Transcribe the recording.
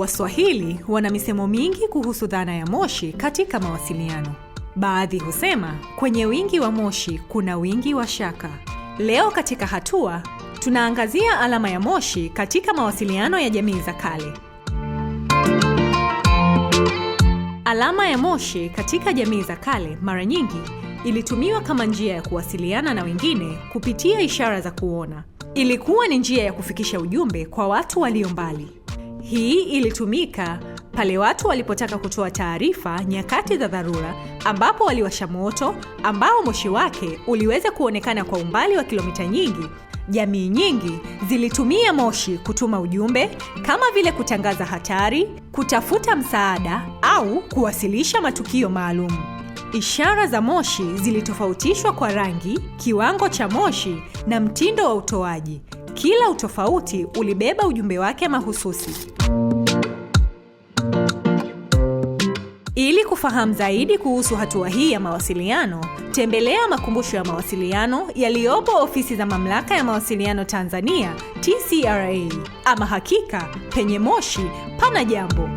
Waswahili wana misemo mingi kuhusu dhana ya moshi katika mawasiliano. Baadhi husema kwenye wingi wa moshi kuna wingi wa shaka. Leo katika Hatua tunaangazia alama ya moshi katika mawasiliano ya jamii za kale. Alama ya moshi katika jamii za kale mara nyingi ilitumiwa kama njia ya kuwasiliana na wengine kupitia ishara za kuona. Ilikuwa ni njia ya kufikisha ujumbe kwa watu walio mbali. Hii ilitumika pale watu walipotaka kutoa taarifa nyakati za dharura, ambapo waliwasha moto ambao moshi wake uliweza kuonekana kwa umbali wa kilomita nyingi. Jamii nyingi zilitumia moshi kutuma ujumbe kama vile kutangaza hatari, kutafuta msaada au kuwasilisha matukio maalum. Ishara za moshi zilitofautishwa kwa rangi, kiwango cha moshi na mtindo wa utoaji. Kila utofauti ulibeba ujumbe wake mahususi. Ili kufahamu zaidi kuhusu hatua hii ya mawasiliano, tembelea makumbusho ya mawasiliano yaliyopo ofisi za Mamlaka ya Mawasiliano Tanzania TCRA. Ama hakika penye moshi pana jambo.